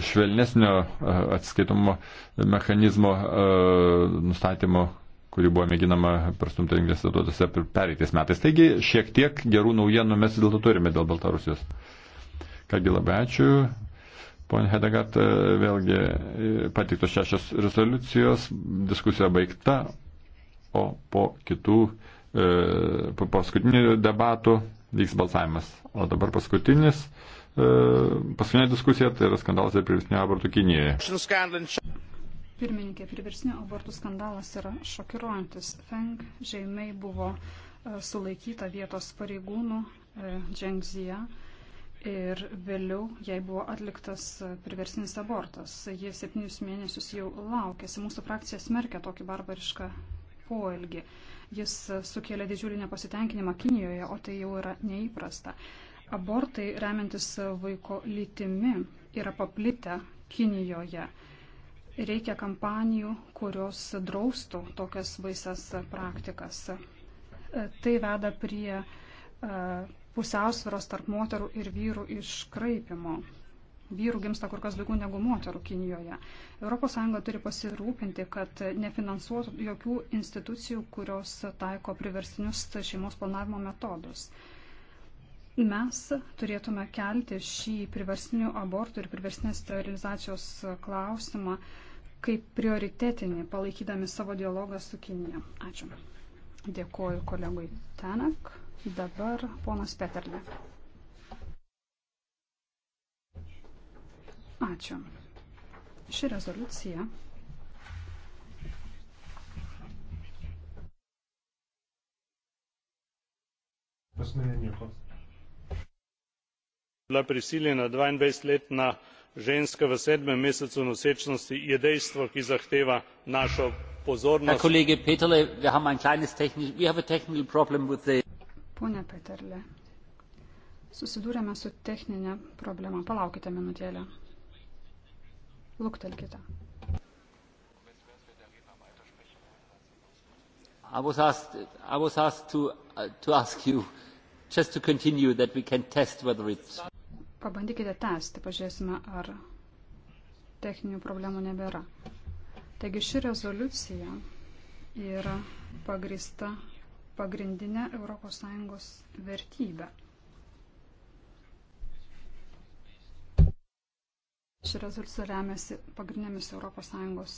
švelnesnio e, atskaitumo mechanizmo e, nustatymo kurį buvo mėginama prastumti rinktis statutuose pereitais metais. Taigi šiek tiek gerų naujienų mes dėl to turime dėl Baltarusijos. Kągi labai ačiū. Pone Hedegat, e, vėlgi patiktos šešios rezoliucijos, diskusija baigta, o po kitų, po paskutinių debatų vyks balsavimas. O dabar paskutinis paskutinė diskusija, tai yra skandalas dėl priversnio abortų Kinijoje. Pirmininkė, priversnio abortų skandalas yra šokiruojantis. Feng žaimiai buvo e, sulaikyta vietos pareigūnų Džengzija ir vėliau jai buvo atliktas e, priversinis abortas. Jie septynius mėnesius jau laukėsi. Mūsų frakcija smerkia tokį barbarišką poelgį. Jis e, sukėlė didžiulį nepasitenkinimą Kinijoje, o tai jau yra neįprasta. Abortai remiantis vaiko lytimi yra paplitę Kinijoje. Reikia kampanijų, kurios draustų tokias vaisias praktikas. E, tai veda prie e, pusiausvėros tarp moterų ir vyrų iškraipimo. Vyrų gimsta kur kas daugiau negu moterų Kinijoje. ES turi pasirūpinti, kad nefinansuotų jokių institucijų, kurios taiko priverstinius šeimos planavimo metodus. Mes turėtume kelti šį priversinių abortų ir priversinės sterilizacijos klausimą kaip prioritetinį, palaikydami savo dialogą su Kinija. Ačiū. Dėkuoju kolegui Tenek. Dabar ponas Peterle. Ačiū. Ši rezoliucija Pas mane nieko bila prisiljena dvaindvajsetletna ženska v sedmem mesecu nosečnosti je dejstvo ki zahteva našo pozornost. pone peterle susidūrėme su technine problema palaukite minutėlę luktelkite. I was asked, I was asked to, uh, to ask you just to continue that we can test whether it's Pabandykite tęsti, pažiūrėsime, ar techninių problemų nebėra. Taigi ši rezoliucija yra pagrista pagrindinė ES vertybė. Ši rezoliucija remiasi pagrindinėmis ES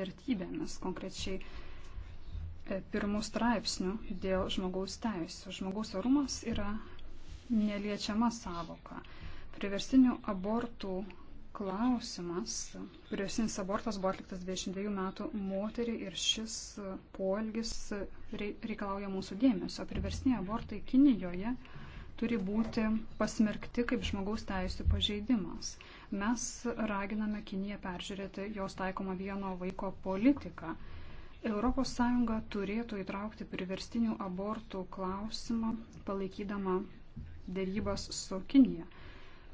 vertybėmis, konkrečiai e, pirmų straipsnių dėl žmogaus teisų. Žmogaus orumas yra neliečiama savoka. Priversinių abortų klausimas. Priversinis abortas buvo atliktas 22 metų moteriai ir šis poelgis reikalauja mūsų dėmesio. Priversiniai abortai Kinijoje turi būti pasmerkti kaip žmogaus teisų pažeidimas. Mes raginame Kiniją peržiūrėti jos taikomą vieno vaiko politiką. ES turėtų įtraukti priverstinių abortų klausimą, palaikydama dėrybas su Kinija.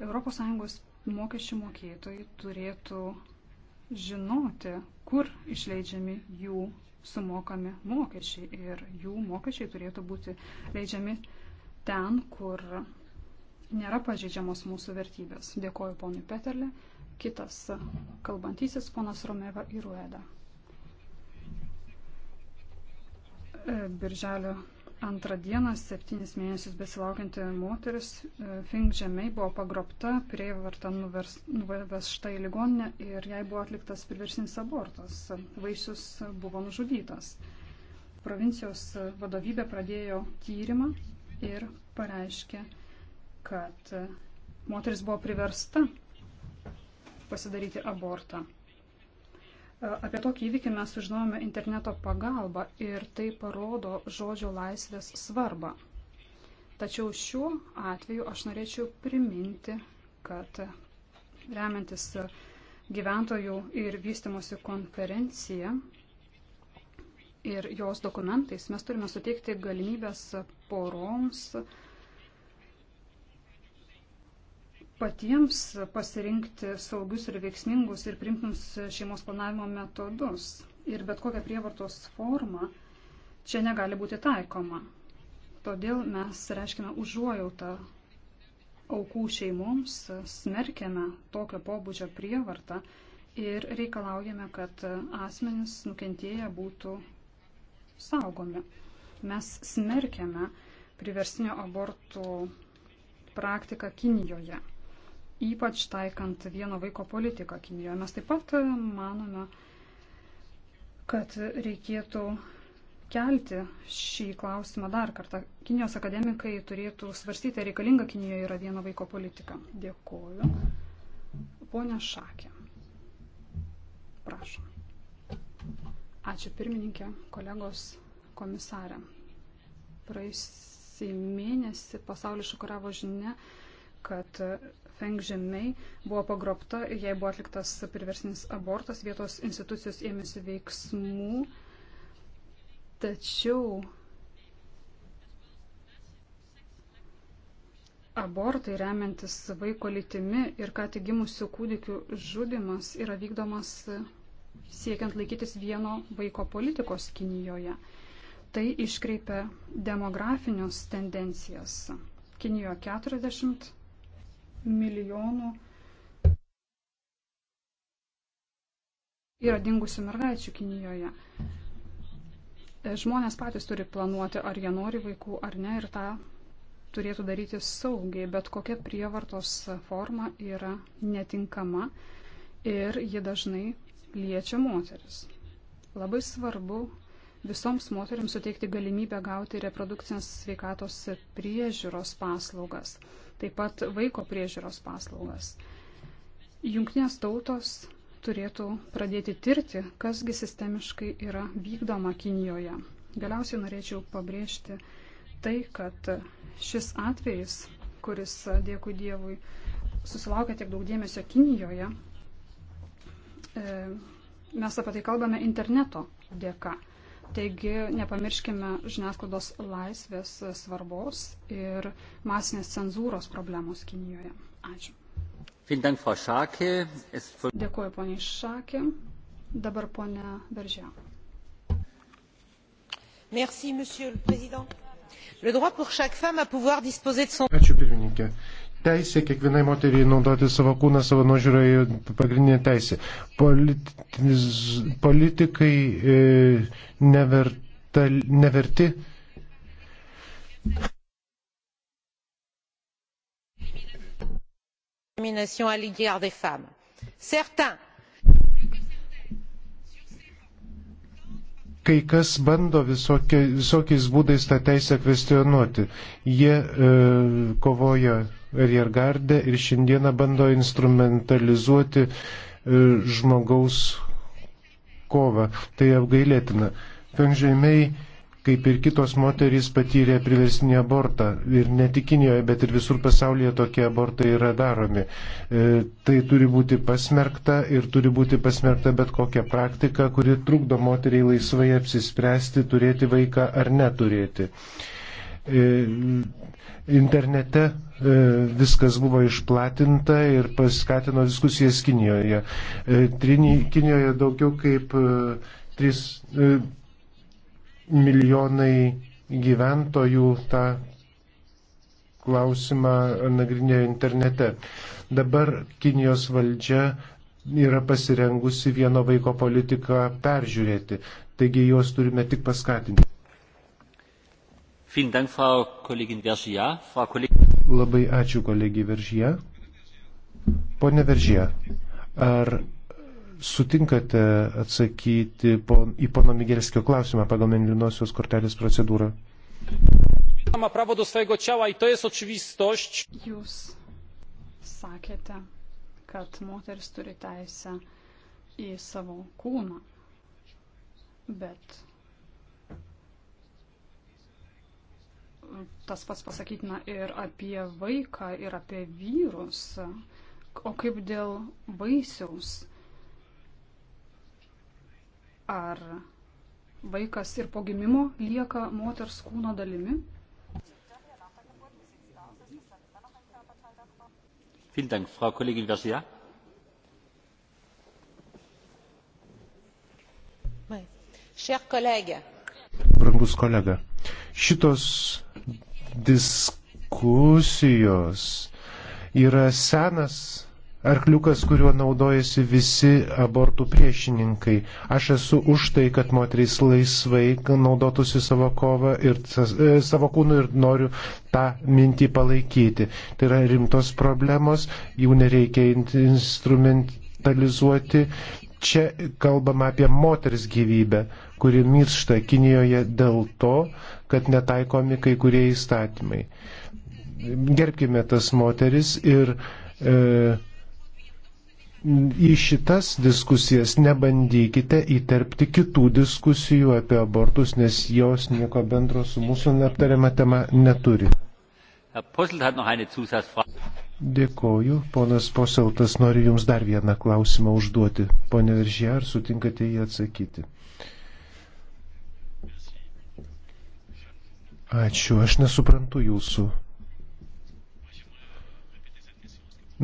ES mokesčių mokėtojai turėtų žinoti, kur išleidžiami jų sumokami mokesčiai ir jų mokesčiai turėtų būti leidžiami ten, kur nėra pažeidžiamos mūsų vertybės. Dėkoju ponui Peterle, kitas kalbantysis ponas Romeva Irueda. E, Birželio Antrą dieną septynis mėnesius besilaukianti moteris e, Fink žemiai buvo pagrobta, prievarta nuvežta į ligoninę ir jai buvo atliktas priversinis abortas. Vaisius buvo nužudytas. Provincijos vadovybė pradėjo tyrimą ir pareiškė, kad moteris buvo priversta pasidaryti abortą. Apie tokį įvykį mes sužinojome interneto pagalba ir tai parodo žodžio laisvės svarbą. Tačiau šiuo atveju aš norėčiau priminti, kad remiantis gyventojų ir vystimosi konferencija ir jos dokumentais mes turime suteikti galimybės poroms patiems pasirinkti saugius ir veiksmingus ir primtinus šeimos planavimo metodus. Ir bet kokia prievartos forma čia negali būti taikoma. Todėl mes reiškime užuojautą aukų šeimoms, smerkiame tokio pobūdžio prievartą ir reikalaujame, kad asmenys nukentėję būtų saugomi. Mes smerkiame priverstinio abortų praktiką Kinijoje ypač taikant vieno vaiko politiką Kinijoje. Mes taip pat e, manome, kad reikėtų kelti šį klausimą dar kartą. Kinijos akademikai turėtų svarstyti, ar reikalinga Kinijoje yra vieno vaiko politika. Dėkuoju. Pone Šakė. Prašom. Ačiū pirmininkė, kolegos komisarė. Praėjusį mėnesį pasaulį šokiravo žinia, kad Feng Žemei buvo pagrobta ir jai buvo atliktas priversinis abortas, vietos institucijos ėmėsi veiksmų, tačiau abortai remiantis vaiko lytimi ir ką tik gimusių kūdikių žudimas yra vykdomas siekiant laikytis vieno vaiko politikos Kinijoje. Tai iškreipia demografinius tendencijas. Kinijoje 40 milijonų yra dingusių mergaičių Kinijoje. E, žmonės patys turi planuoti, ar jie nori vaikų ar ne, ir tą turėtų daryti saugiai, bet kokia prievartos forma yra netinkama ir ji dažnai liečia moteris. Labai svarbu visoms moteriams suteikti galimybę gauti reprodukcinės sveikatos priežiūros paslaugas, taip pat vaiko priežiūros paslaugas. Junktinės tautos turėtų pradėti tirti, kasgi sistemiškai yra vykdoma Kinijoje. Galiausiai norėčiau pabrėžti tai, kad šis atvejis, kuris, dėkui Dievui, susilaukia tiek daug dėmesio Kinijoje, e, mes apie tai kalbame interneto dėka. Taigi nepamirškime žiniasklaidos laisvės svarbos ir masinės cenzūros problemos Kinijoje. Ačiū. Dėkuoju, poniai Šakė. Dabar ponia Veržė. Merci, monsieur le président. Le droit pour chaque femme à pouvoir disposer de son... Ačiū, pirmininkė teisė kiekvienai moteriai naudoti savo kūną, savo nuožiūrą į pagrindinę teisę. Politiz, politikai e, neverta, neverti. discrimination à l'égard des femmes. Certains kai kas bando visokia, visokiais būdais tą teisę kvestionuoti. Jie e, kovoja Riergarde ir šiandieną bando instrumentalizuoti e, žmogaus kovą. Tai apgailėtina. Fengžaimiai, kaip ir kitos moterys, patyrė priversinį abortą. Ir ne tik Kinijoje, bet ir visur pasaulyje tokie abortai yra daromi. E, tai turi būti pasmerkta ir turi būti pasmerkta bet kokia praktika, kuri trukdo moteriai laisvai apsispręsti, turėti vaiką ar neturėti. E, E, internete e, viskas buvo išplatinta ir paskatino diskusijas Kinijoje. E, Kinijoje daugiau kaip 3 milijonai gyventojų tą klausimą nagrinėjo internete. Dabar Kinijos valdžia yra pasirengusi vieno vaiko politiką peržiūrėti, taigi juos turime tik paskatinti. Labai ačiū kolegijai Veržyje. Pone Veržyje, ar sutinkate atsakyti pon, į pono Migelskio klausimą pagal mėlynosios kortelės procedūrą? Ma prawo do swojego ciała i to jest oczywistość. Jūs sakėte, kad moteris turi teisę į savo kūną, bet tas pats pasakytina ir apie vaiką, ir apie vyrus. O kaip dėl vaisiaus? Ar vaikas ir po gimimo lieka moters kūno dalimi? Vielen Dank, Frau Kollegin Versia. Brangus kolega, šitos diskusijos yra senas arkliukas, kuriuo naudojasi visi abortų priešininkai. Aš esu už tai, kad moterys laisvai naudotųsi savo, kovą ir, e, savo kūnu ir noriu tą mintį palaikyti. Tai yra rimtos problemos, jų nereikia instrumentalizuoti, Čia kalbama apie moters gyvybę, kuri miršta Kinijoje dėl to, kad netaikomi kai kurie įstatymai. Gerbkime tas moteris ir e, į šitas diskusijas nebandykite įterpti kitų diskusijų apie abortus, nes jos nieko bendro su mūsų neaptariama tema neturi. Dėkoju. Ponas Poseltas nori Jums dar vieną klausimą užduoti. Pone Viržė, ar sutinkate jį atsakyti? Ačiū, aš nesuprantu Jūsų.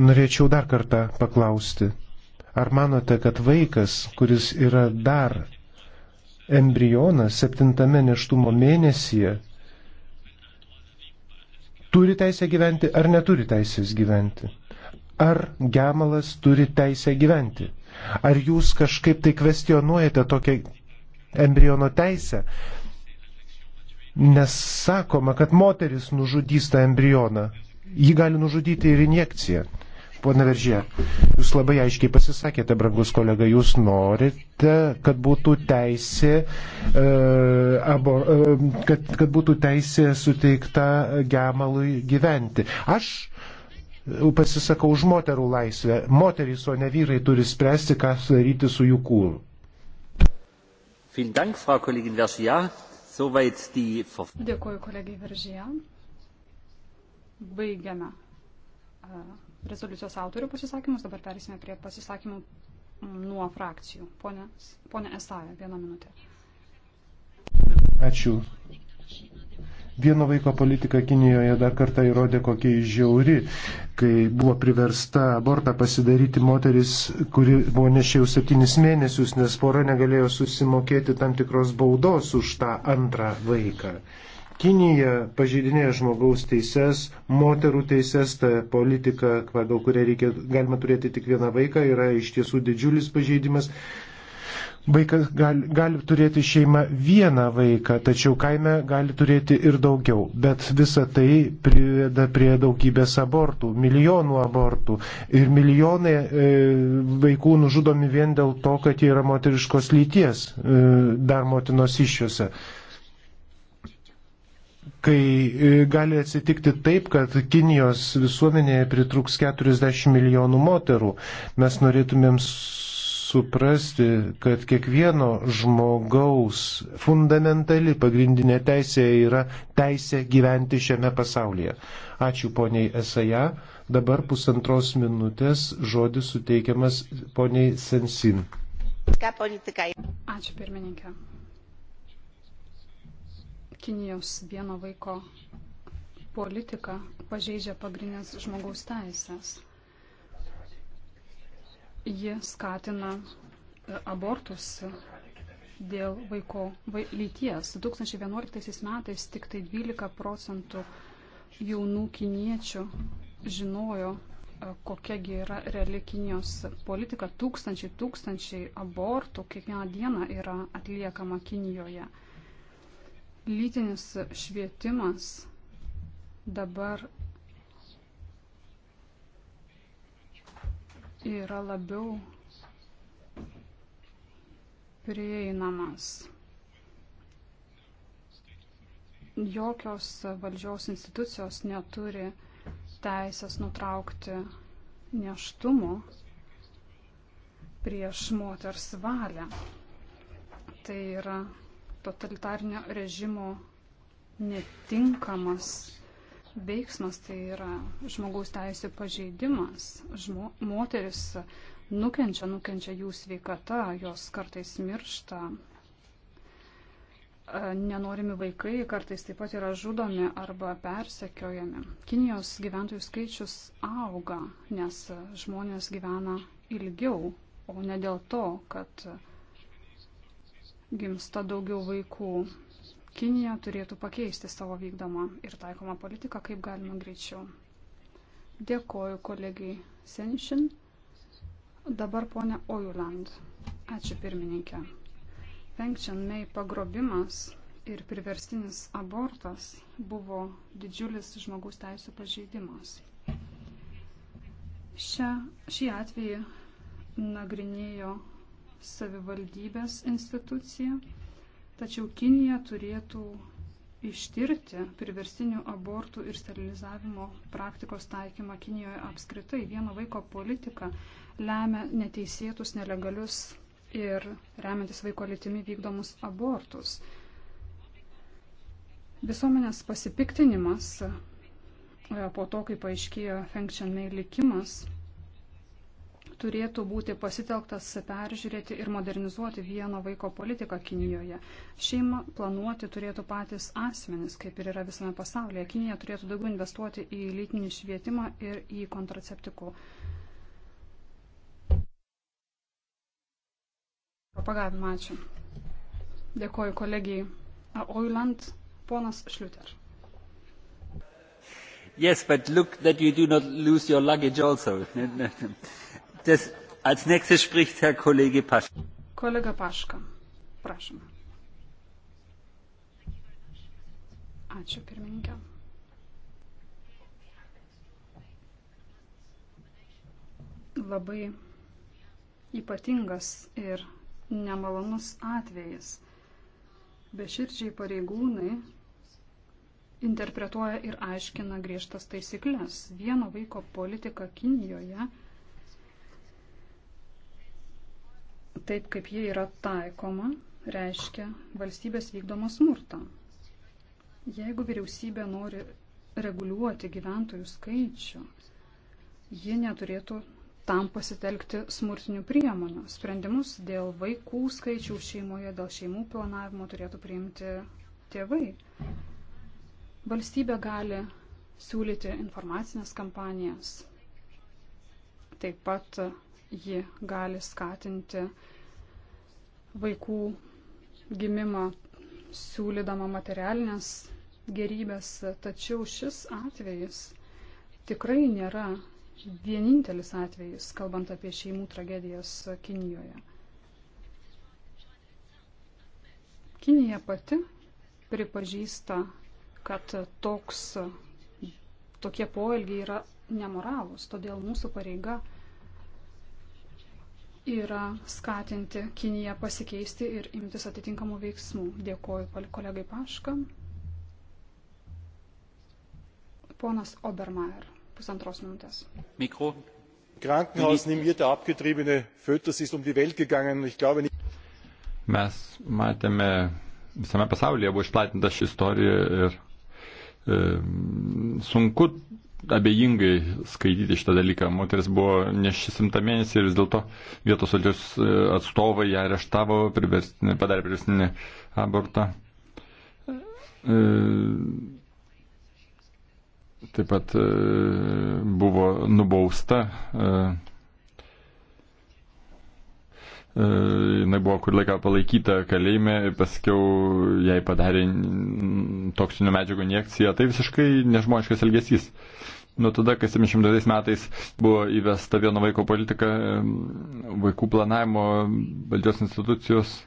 Norėčiau dar kartą paklausti. Ar manote, kad vaikas, kuris yra dar embrionas septintame neštumo mėnesyje, turi teisę gyventi ar neturi teisės gyventi. Ar gemalas turi teisę gyventi. Ar jūs kažkaip tai kvestionuojate tokią embriono teisę? Nes sakoma, kad moteris nužudys tą embrioną. Ji gali nužudyti ir injekciją. Pone Veržė, jūs labai aiškiai pasisakėte, brangus kolega, jūs norite, kad būtų teisė, e, abo, e, kad, kad būtų teisė suteikta gemalui gyventi. Aš pasisakau už moterų laisvę. Moterys, o ne vyrai turi spręsti, ką daryti su jų kūnu. Dėkuoju kolegai Veržėje. Baigiame. Uh rezoliucijos autorių pasisakymus, dabar perėsime prie pasisakymų nuo frakcijų. Pone, pone Esaja, vieną minutę. Ačiū. Vieno vaiko politika Kinijoje dar kartą įrodė, kokia žiauri, kai buvo priversta abortą pasidaryti moteris, kuri buvo nešia jau septynis mėnesius, nes pora negalėjo susimokėti tam tikros baudos už tą antrą vaiką. Kinija pažeidinėja žmogaus teises, moterų teises, ta politika, pagal kurią reikia, galima turėti tik vieną vaiką, yra iš tiesų didžiulis pažeidimas. Vaikas gali, gali turėti šeimą vieną vaiką, tačiau kaime gali turėti ir daugiau. Bet visa tai priveda prie daugybės abortų, milijonų abortų. Ir milijonai e, vaikų nužudomi vien dėl to, kad jie yra moteriškos lyties e, dar motinos iššiose. E, kai e, gali atsitikti taip, kad Kinijos visuomenėje pritruks 40 milijonų moterų. Mes norėtumėm suprasti, kad kiekvieno žmogaus fundamentali pagrindinė teisė yra teisė gyventi šiame pasaulyje. Ačiū poniai Esaja. Dabar pusantros minutės žodis suteikiamas poniai Sensin. Ačiū pirmininkė. Kinijos vieno vaiko politika pažeidžia pagrindinės žmogaus teisės. Ji skatina e, abortus dėl vaiko vai, lyties. 2011 metais tik tai 12 procentų jaunų kiniečių žinojo, e, kokiagi yra reali Kinijos politika. Tūkstančiai, tūkstančiai abortų kiekvieną dieną yra atliekama Kinijoje. Lytinis švietimas dabar yra labiau prieinamas. Jokios valdžios institucijos neturi teisės nutraukti neštumo prieš moters valią. Tai yra totalitarnio režimo netinkamas veiksmas, tai yra žmogaus teisų pažeidimas. Žmo, moteris nukenčia, nukenčia jų sveikata, jos kartais miršta. E, nenorimi vaikai kartais taip pat yra žudomi arba persekiojami. Kinijos gyventojų skaičius auga, nes žmonės gyvena ilgiau, o ne dėl to, kad uh, gimsta daugiau vaikų. Kinija turėtų pakeisti savo vykdomą ir taikomą politiką kaip galima greičiau. Dėkoju kolegijai Senšin. Dabar ponia Ojuland. Ačiū pirmininkė. Fengčian Mei pagrobimas ir priverstinis abortas buvo didžiulis žmogaus teisų pažeidimas. Šią, šį atvejį nagrinėjo savivaldybės institucija, tačiau Kinija turėtų ištirti priverstinių abortų ir sterilizavimo praktikos taikymą Kinijoje apskritai. Vieno vaiko politika lemia neteisėtus, nelegalius ir remiantis vaiko litimi vykdomus abortus. Visuomenės pasipiktinimas e, po to, kai paaiškėjo Fengčianmei likimas, turėtų būti pasitelktas peržiūrėti ir modernizuoti vieno vaiko politiką Kinijoje. Šeimą planuoti turėtų patys asmenys, kaip ir yra visame pasaulyje. Kinija turėtų daugiau investuoti į lytinį švietimą ir į kontraceptikų propagavimą. Ačiū. Dėkoju kolegijai Oiland, ponas Šliuter. Yes, but look that you do not lose your luggage also. Das, als nächstes spricht Herr Kollege Paschka. Kollege Paschka, prašom. Ačiū pirmininkė. Labai ypatingas ir nemalonus atvejis. Beširdžiai pareigūnai interpretuoja ir aiškina griežtas taisyklės. Vieno vaiko politika Kinijoje – taip kaip ji yra taikoma, reiškia valstybės vykdomą smurtą. Jeigu vyriausybė nori reguliuoti gyventojų skaičių, ji neturėtų tam pasitelkti smurtinių priemonių. Sprendimus dėl vaikų skaičių šeimoje, dėl šeimų planavimo turėtų priimti tėvai. Valstybė gali siūlyti informacinės kampanijas, taip pat ji gali skatinti vaikų gimimą siūlydama materialinės gerybės, tačiau šis atvejis tikrai nėra vienintelis atvejis, kalbant apie šeimų tragedijas Kinijoje. Kinija pati pripažįsta, kad toks, tokie poelgiai yra nemoralūs, todėl mūsų pareiga yra skatinti Kiniją pasikeisti ir imtis atitinkamų veiksmų. Dėkuoju kolegai Pašką. Ponas Obermeier, pusantros minutės. Mikro. Krankenhaus nimierte abgetriebene Fötus ist um die Welt gegangen. Ich glaube nicht. Mes matėme, visame pasaulyje buvo išplatinta ši istorija ir e, sunku abejingai skaityti šitą dalyką. Moteris buvo nešisimta mėnesį ir vis dėlto vietos valdžios e, atstovai ją areštavo, priverstinė, padarė priverstinį abortą. E, taip pat e, buvo nubausta E, jinai buvo kur laiką palaikyta kalėjime ir paskiau jai padarė toksinių medžiagų injekciją. Tai visiškai nežmoniškas elgesys. Nuo tada, kai 70 metais buvo įvesta vieno vaiko politika, e, vaikų planavimo valdžios institucijos e,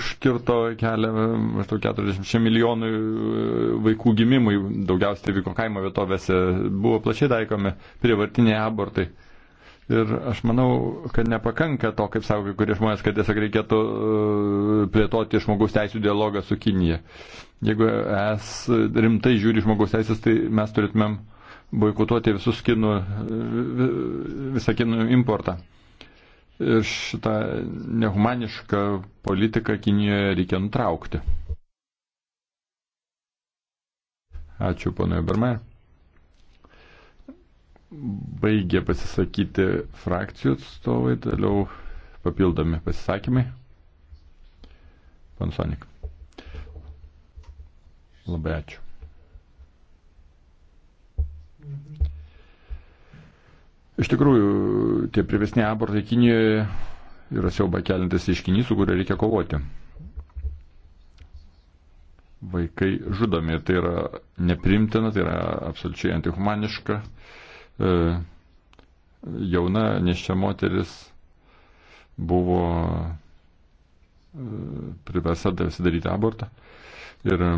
užkirto kelią maždaug 40 milijonų vaikų gimimui, daugiausiai vyko kaimo vietovėse, buvo plačiai taikomi privartiniai abortai. Ir aš manau, kad nepakanka to, kaip sako kai kurie žmonės, kad tiesiog reikėtų e, plėtoti žmogaus teisų dialogą su Kinija. Jeigu es rimtai žiūri žmogaus teisės, tai mes turėtumėm boikotuoti visus kinų, visą kinų importą. Ir šitą nehumanišką politiką Kinijoje reikia nutraukti. Ačiū, ponui Bermai baigė pasisakyti frakcijų atstovai, toliau papildomi pasisakymai. Pansonik. Labai ačiū. Iš tikrųjų, tie privesniai abortai Kinijoje yra siauba kelintas iškinys, su kuriuo reikia kovoti. Vaikai žudomi, tai yra neprimtina, tai yra absoliučiai antihumaniška. Uh, E, jauna nešia moteris buvo e, priversta daryti abortą. Ir e,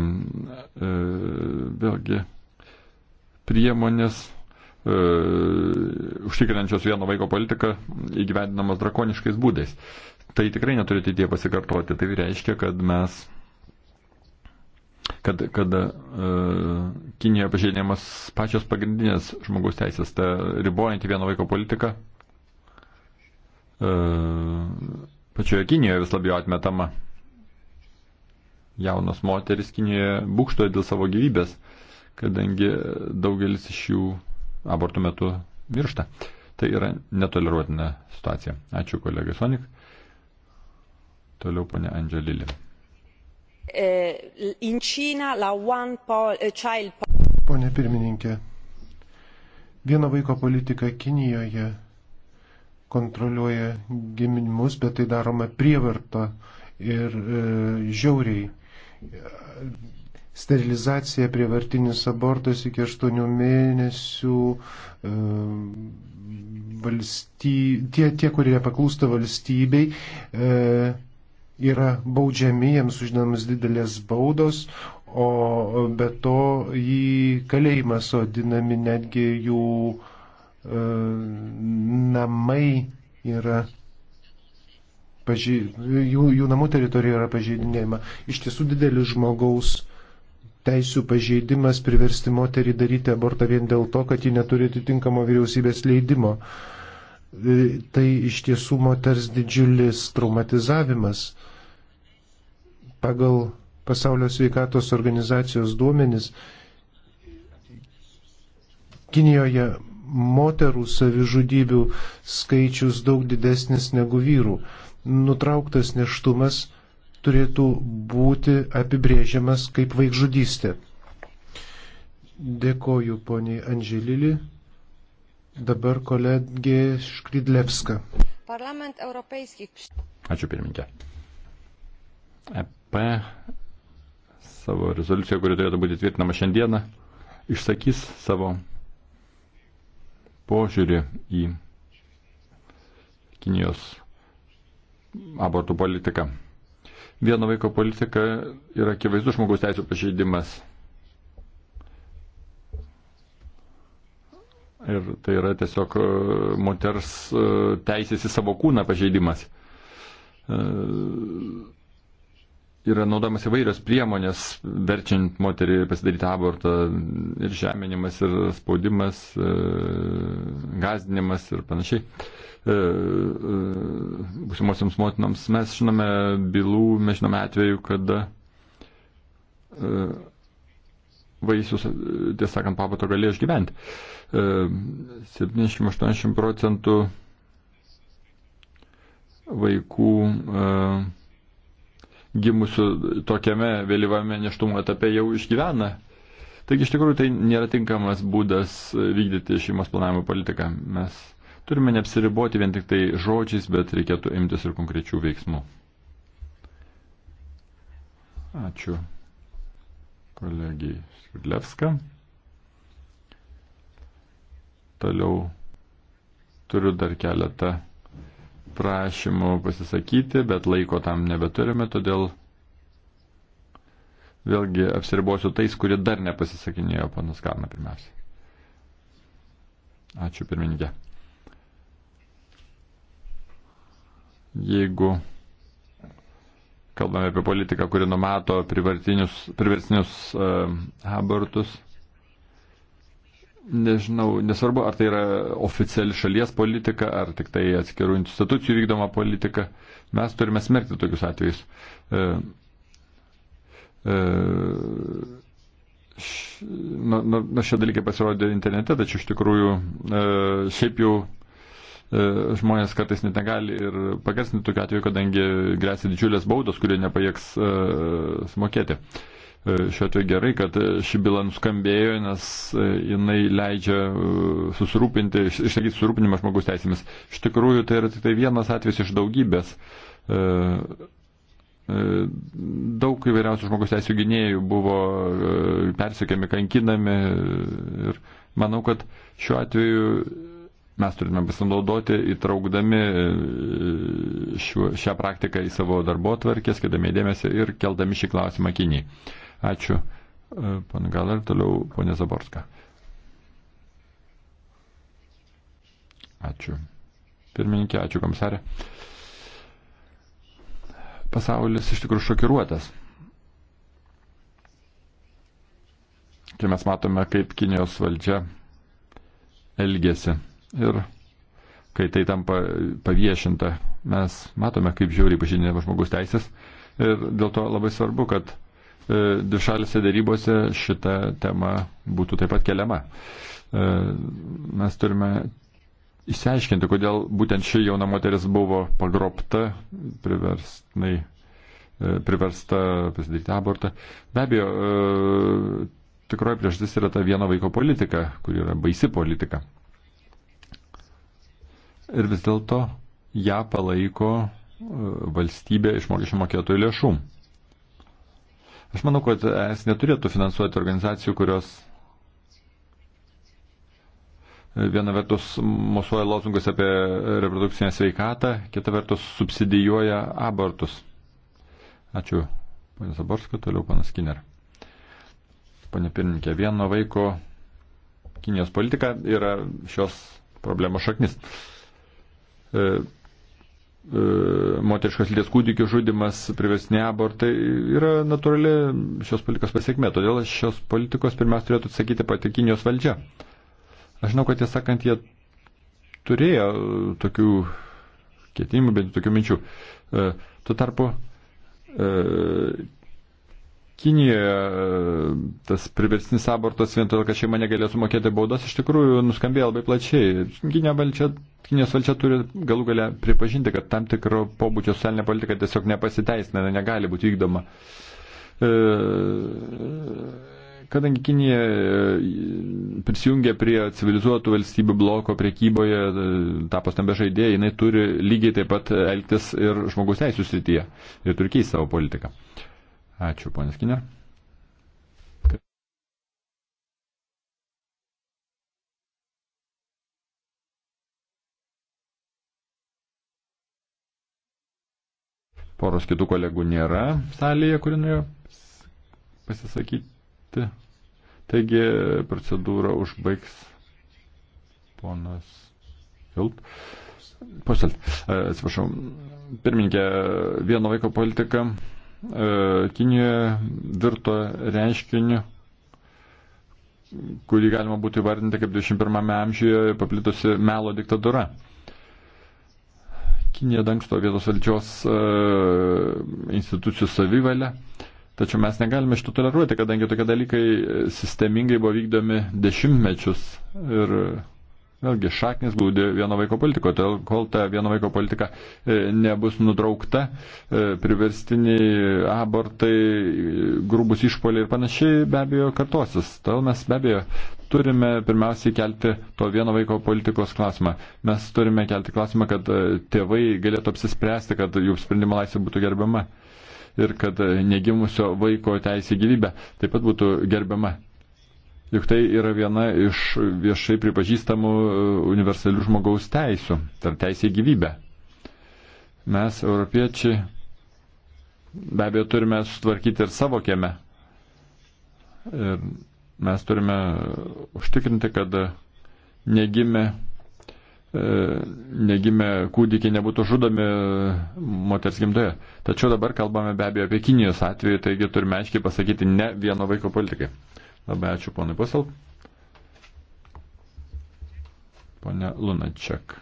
vėlgi priemonės užtikrinančios vieno vaiko politiką įgyvendinamas drakoniškais būdais. Tai tikrai neturi ateitie pasikartoti. Tai reiškia, kad mes kad, kad uh, Kinijoje pažeidėjamas pačios pagrindinės žmogaus teisės, ta ribojanti vieno vaiko politika, uh, e, pačioje Kinijoje vis labiau atmetama. Jaunos moteris Kinijoje būkštoja dėl savo gyvybės, kadangi daugelis iš jų abortų metu miršta. Tai yra netoleruotina situacija. Ačiū kolegai Sonik. Toliau ponė Andželilė. Eh, in Cina la one eh, child policy. Pone pirmininkė, vieno vaiko politika Kinijoje kontroliuoja giminimus, bet tai daroma prievarta ir e, žiauriai. Sterilizacija, prievartinis abortas iki 8 mėnesių, e, valsty, tie, tie, kurie paklūsta valstybei, e, yra baudžiami, jiems uždamas didelės baudos, o be to į kalėjimą sodinami netgi jų e, namai yra. Paži... Jų, jų namų teritorija yra pažeidinėjama. Iš tiesų didelis žmogaus teisų pažeidimas priversti moterį daryti abortą vien dėl to, kad ji neturi atitinkamo vyriausybės leidimo. E, E, tai iš tiesų moters didžiulis traumatizavimas. Pagal pasaulio sveikatos organizacijos duomenis Kinijoje moterų savižudybių skaičius daug didesnis negu vyrų. Nutrauktas neštumas turėtų būti apibrėžiamas kaip vaikžudystė. Dėkoju poniai Andželili. Dabar kolegė Škrydlevska. Parlament Europejskich. Ačiū pirmininkė. EP savo rezoliuciją, kuri turėtų būti tvirtinama šiandieną, išsakys savo požiūrį į Kinijos abortų politiką. Vieno vaiko politika yra akivaizdus žmogaus teisų pažeidimas Ir tai yra tiesiog e, moters e, teisės į savo kūną pažeidimas. E, yra naudojamas įvairios priemonės, verčiant moterį pasidaryti abortą ir žeminimas, ir spaudimas, gazdinimas ir panašiai. Būsimosiams motinoms mes žinome bylų, mes žinome atveju, kada vaisius, e, tiesą sakant, pabato galėjo išgyventi. 70-80 e, procentų vaikų e, gimusių tokiame vėlyvame neštumo etape jau išgyvena. Taigi iš tikrųjų tai nėra tinkamas būdas vykdyti šeimos planavimo politiką. Mes turime neapsiriboti vien tik tai žodžiais, bet reikėtų imtis ir konkrečių veiksmų. Ačiū kolegijai Švidlevską. Toliau turiu dar keletą prašymų pasisakyti, bet laiko tam nebeturime, todėl vėlgi apsiribosiu tais, kurie dar nepasisakinėjo, panas Karna pirmiausia. Ačiū pirmininkė. Jeigu Kalbame apie politiką, kuri numato priversinius uh, e, abortus. Nežinau, nesvarbu, ar tai yra oficiali šalies politika, ar tik tai atskirų institucijų vykdoma politika. Mes turime smerkti tokius atvejus. Uh, uh, Nors šie dalykai pasirodė internete, tačiau iš tikrųjų e, šiaip jau E, žmonės kartais net negali ir pagarsinti tokiu atveju, kadangi grėsia didžiulės baudos, kurie nepajėgs e, sumokėti. E, šiuo atveju gerai, kad ši byla nuskambėjo, nes jinai leidžia susirūpinti, išsakyti susirūpinimą žmogus teisėmis. Iš tikrųjų, tai yra tik tai vienas atvejis iš daugybės. Daug įvairiausių žmogus teisų gynėjų buvo persiekiami, kankinami ir manau, kad šiuo atveju mes turime pasinaudoti įtraukdami e, šiuo, šią praktiką į savo darbo tvarkę, skirdami dėmesį ir keldami šį klausimą Kinijai. Ačiū, e, pana Galer, toliau ponė Zaborska. Ačiū. Pirmininkė, ačiū komisarė. Pasaulis iš tikrųjų šokiruotas. Kai mes matome, kaip Kinijos valdžia elgesi Ir kai tai tampa paviešinta, mes matome, kaip žiauriai pažydinėma žmogus teisės. Ir dėl to labai svarbu, kad e, dvišalėse darybose šita tema būtų taip pat keliama. E, mes turime išsiaiškinti, kodėl būtent ši jauna moteris buvo pagrobta, priverstinai, e, priversta pasidaryti abortą. Be abejo, tikroji priežastis yra ta vieno vaiko politika, kuri yra baisi politika ir vis dėlto ją palaiko e, valstybė iš mokesčių mokėtojų lėšų. Aš manau, kad es neturėtų finansuoti organizacijų, kurios e, viena vertus mosuoja lozungus apie reprodukcinę sveikatą, kita vertus subsidijuoja abortus. Ačiū, ponė Zaborska, toliau panas Skinner. Pane pirmininkė, vieno vaiko Kinijos politika yra šios problemos šaknis. E, e, moteriškas lyties kūdikių žudimas, priversni abortai yra natūrali šios politikos pasiekmė. Todėl šios politikos pirmiausia turėtų atsakyti pati Kinijos valdžia. Aš žinau, kad tiesą sakant, jie turėjo tokių ketinimų, bent tokių minčių. E, tuo tarpu Kinijoje e, tas priverstinis abortas vien todėl, kad šeima negalėtų mokėti baudos, iš tikrųjų nuskambėjo labai plačiai. Kinė valdžia, Kinijos valdžia turi galų galę pripažinti, kad tam tikro pobūdžio socialinė politika tiesiog nepasiteisina, negali būti vykdoma. E, kadangi Kinija e, prisijungia prie civilizuotų valstybių bloko priekyboje, tapos tambe žaidėjai, jinai turi lygiai taip pat elgtis ir žmogus teisų srityje ir turi keisti savo politiką. Uh, Ačiū, ponas Kiner. Poros kitų kolegų nėra salėje, kuri norėjo pasisakyti. Taigi procedūrą užbaigs ponas Hilt. Poselt, atsiprašau, pirmininkė, vieno vaiko politika E, Kinijoje virto reiškiniu, kurį galima būtų įvardinti kaip 21 amžiuje paplitusi melo diktatūra. Kinija dangsto vietos valdžios e, institucijų savivalę, tačiau mes negalime šito toleruoti, kadangi tokie dalykai sistemingai buvo vykdomi dešimtmečius ir Vėlgi šaknis būdė vieno vaiko politiko, todėl kol ta vieno vaiko politika e, nebus nutraukta, e, priverstiniai abortai, grūbus išpoliai ir panašiai be abejo kartosis. Todėl mes be abejo turime pirmiausiai kelti to vieno vaiko politikos klausimą. Mes turime kelti klausimą, kad e, tėvai galėtų apsispręsti, kad jų sprendimo laisvė būtų gerbiama ir kad negimusio vaiko teisė gyvybė taip pat būtų gerbiama juk tai yra viena iš viešai pripažįstamų e, universalių žmogaus teisų, tai teisė į gyvybę. Mes, europiečiai, be abejo turime sutvarkyti ir savo kieme. Ir mes turime užtikrinti, kad negimė, e, negimė kūdikiai nebūtų žudomi e, moters gimdoje. Tačiau dabar kalbame be abejo apie Kinijos atvejį, taigi turime aiškiai pasakyti ne vieno vaiko politikai. Labai ačiū ponui Pusel. Pone Lunačiak.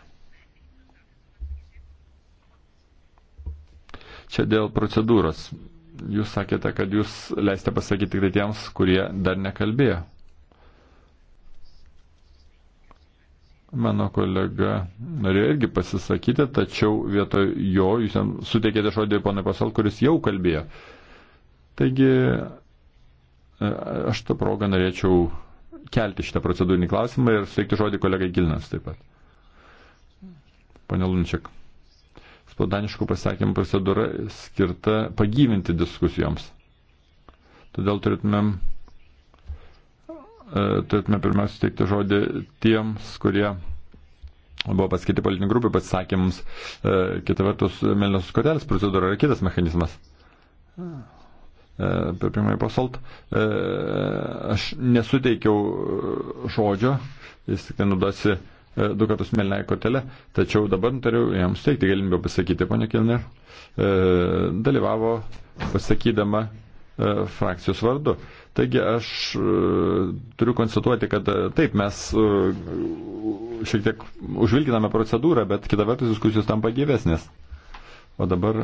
Čia dėl procedūros. Jūs sakėte, kad jūs leiste pasakyti tik tai tiems, kurie dar nekalbėjo. Mano kolega norėjo irgi pasisakyti, tačiau vietoj jo jūs jam suteikėte žodį ponui Pasal, kuris jau kalbėjo. Taigi Aš tą progą norėčiau kelti šitą procedūrinį klausimą ir suteikti žodį kolegai Gilinas taip pat. Pane Lunčiak, spaudaniškų pasakymų procedūra skirta pagyvinti diskusijoms. Todėl turėtumėm, e, turėtume pirmiausia suteikti žodį tiems, kurie buvo paskirti politinių grupių pasisakymams. E, kita vertus, Melnios kortelės procedūra yra kitas mechanizmas. Hmm per pirmąjį pasalt, e, aš nesuteikiau žodžio, jis tik tai nudasi e, du kartus melnai kortelę, tačiau dabar nutariau jam suteikti galimybę pasakyti, ponia Kilner, e, dalyvavo pasakydama frakcijos vardu. Taigi aš turiu konstatuoti, kad taip, mes šiek tiek užvilginame procedūrą, bet kita vertus diskusijos tampa gyvesnės. O dabar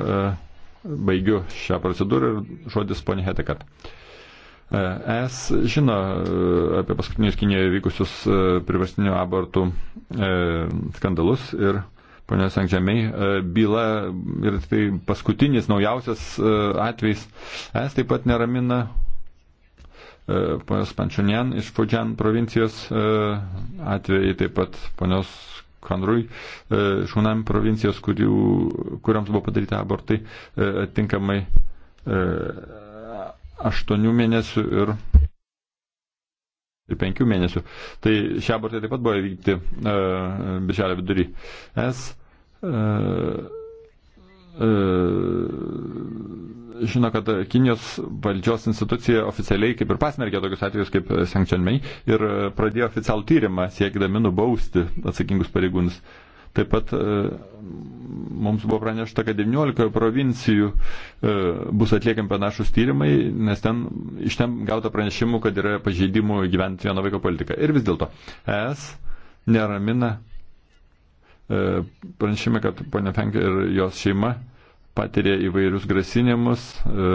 baigiu šią procedūrą ir žodis ponė Hetekart. E, es žino e, apie paskutinius Kinijoje vykusius e, priverstinių abortų skandalus ir ponė Sankžemiai byla ir tai paskutinis naujausias atvejs. Es taip pat neramina ponios Pančiunien iš Fudžian provincijos atvejai, taip pat ponios Kanrui, e, Šunam provincijos, kurių, kuriams buvo padaryti abortai, e, atitinkamai 8 e, mėnesių ir ir penkių mėnesių. Tai šią abortą taip pat buvo įvykti e, birželio vidury. Es e, e, žino, kad Kinijos valdžios institucija oficialiai kaip ir pasmerkė tokius atvejus kaip Sankčianmei ir pradėjo oficialų tyrimą siekdami nubausti atsakingus pareigūnus. Taip pat e, mums buvo pranešta, kad 19 provincijų e, bus atliekami panašus tyrimai, nes ten, iš ten gauta pranešimų, kad yra pažeidimų gyventi vieno vaiko politiką. Ir vis dėlto ES neramina e, pranešime, kad ponia Fenk ir jos šeima patiria įvairius grasinimus e,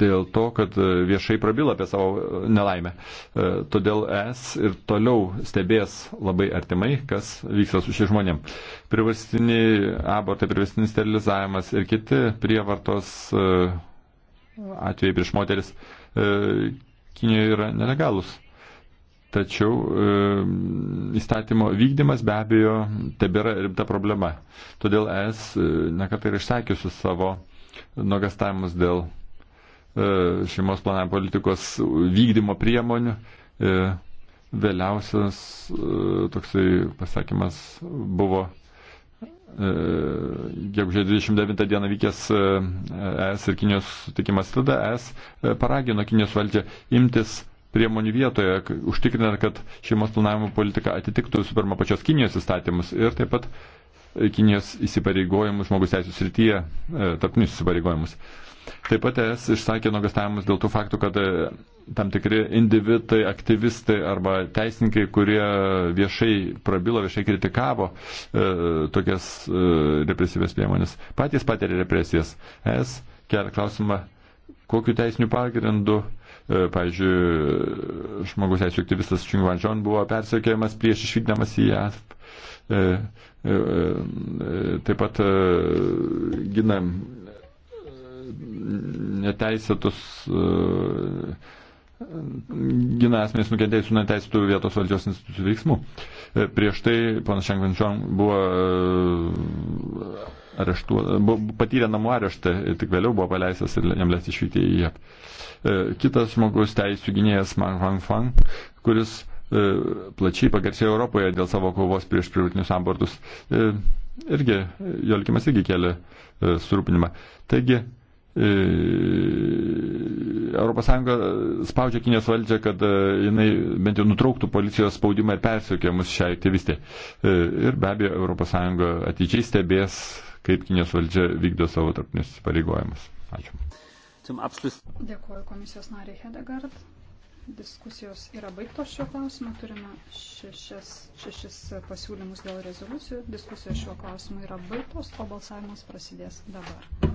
dėl to, kad viešai prabila apie savo nelaimę. E, todėl es ir toliau stebės labai artimai, kas vyksta su šie žmonėm. Privarstiniai abortai, privarstinis sterilizavimas ir kiti prievartos e, atvejai prieš moteris Kinijoje yra nelegalus. Tačiau e, įstatymo vykdymas be abejo tebėra rimta problema. Todėl es e, nekartai ir išsakysiu savo nuogastavimus dėl e, šeimos planavimo politikos vykdymo priemonių. E, vėliausias e, toksai pasakymas buvo e, gegužė 29 dieną vykęs e, ES ir Kinijos sutikimas tada ES paragino Kinijos valdžią imtis priemonių vietoje, užtikrinant, kad šeimos planavimo politika atitiktų visų pirma pačios Kinijos įstatymus ir taip pat e, Kinijos įsipareigojimus žmogus teisų srityje, e, tarpinius įsipareigojimus. Taip pat es išsakė nuogastavimus dėl tų faktų, kad e, tam tikri individai, aktyvistai arba teisininkai, kurie viešai prabilo, viešai kritikavo e, tokias e, represyvės priemonės, patys patiria represijas. Es kelia klausimą, kokiu teisiniu pagrindu e, E, pavyzdžiui, žmogus teisų aktyvistas Chung Van John buvo persekiojamas prieš išvykdamas į JAV. E, e, taip pat gina neteisėtus gina asmenys nukentėjusių neteisėtų vietos valdžios institucijų veiksmų. Prieš tai panas Šengvančion buvo areštu, buvo patyrė namų areštą, e, tik vėliau buvo paleistas ir jam leisti išvykti į JAP. E, kitas žmogus teisų gynėjas Man Huang Fang, kuris e, plačiai pagarsėjo Europoje dėl savo kovos prieš privatinius ambortus, irgi jo likimas irgi kelia surūpinimą. Taigi, ES spaudžia Kinijos valdžią, kad jinai bent jau nutrauktų policijos spaudimą ir persiekė mus šią aktyvistę. Ir be abejo, ES atidžiai stebės kaip Kinijos valdžia vykdo savo tarpinius pareigojimus. Ačiū. Dėkuoju komisijos nariai Hedegard. Diskusijos yra baigtos šiuo klausimu. Turime šešias, šešis pasiūlymus dėl rezoliucijų. Diskusijos šiuo klausimu yra baigtos, o balsavimas prasidės dabar.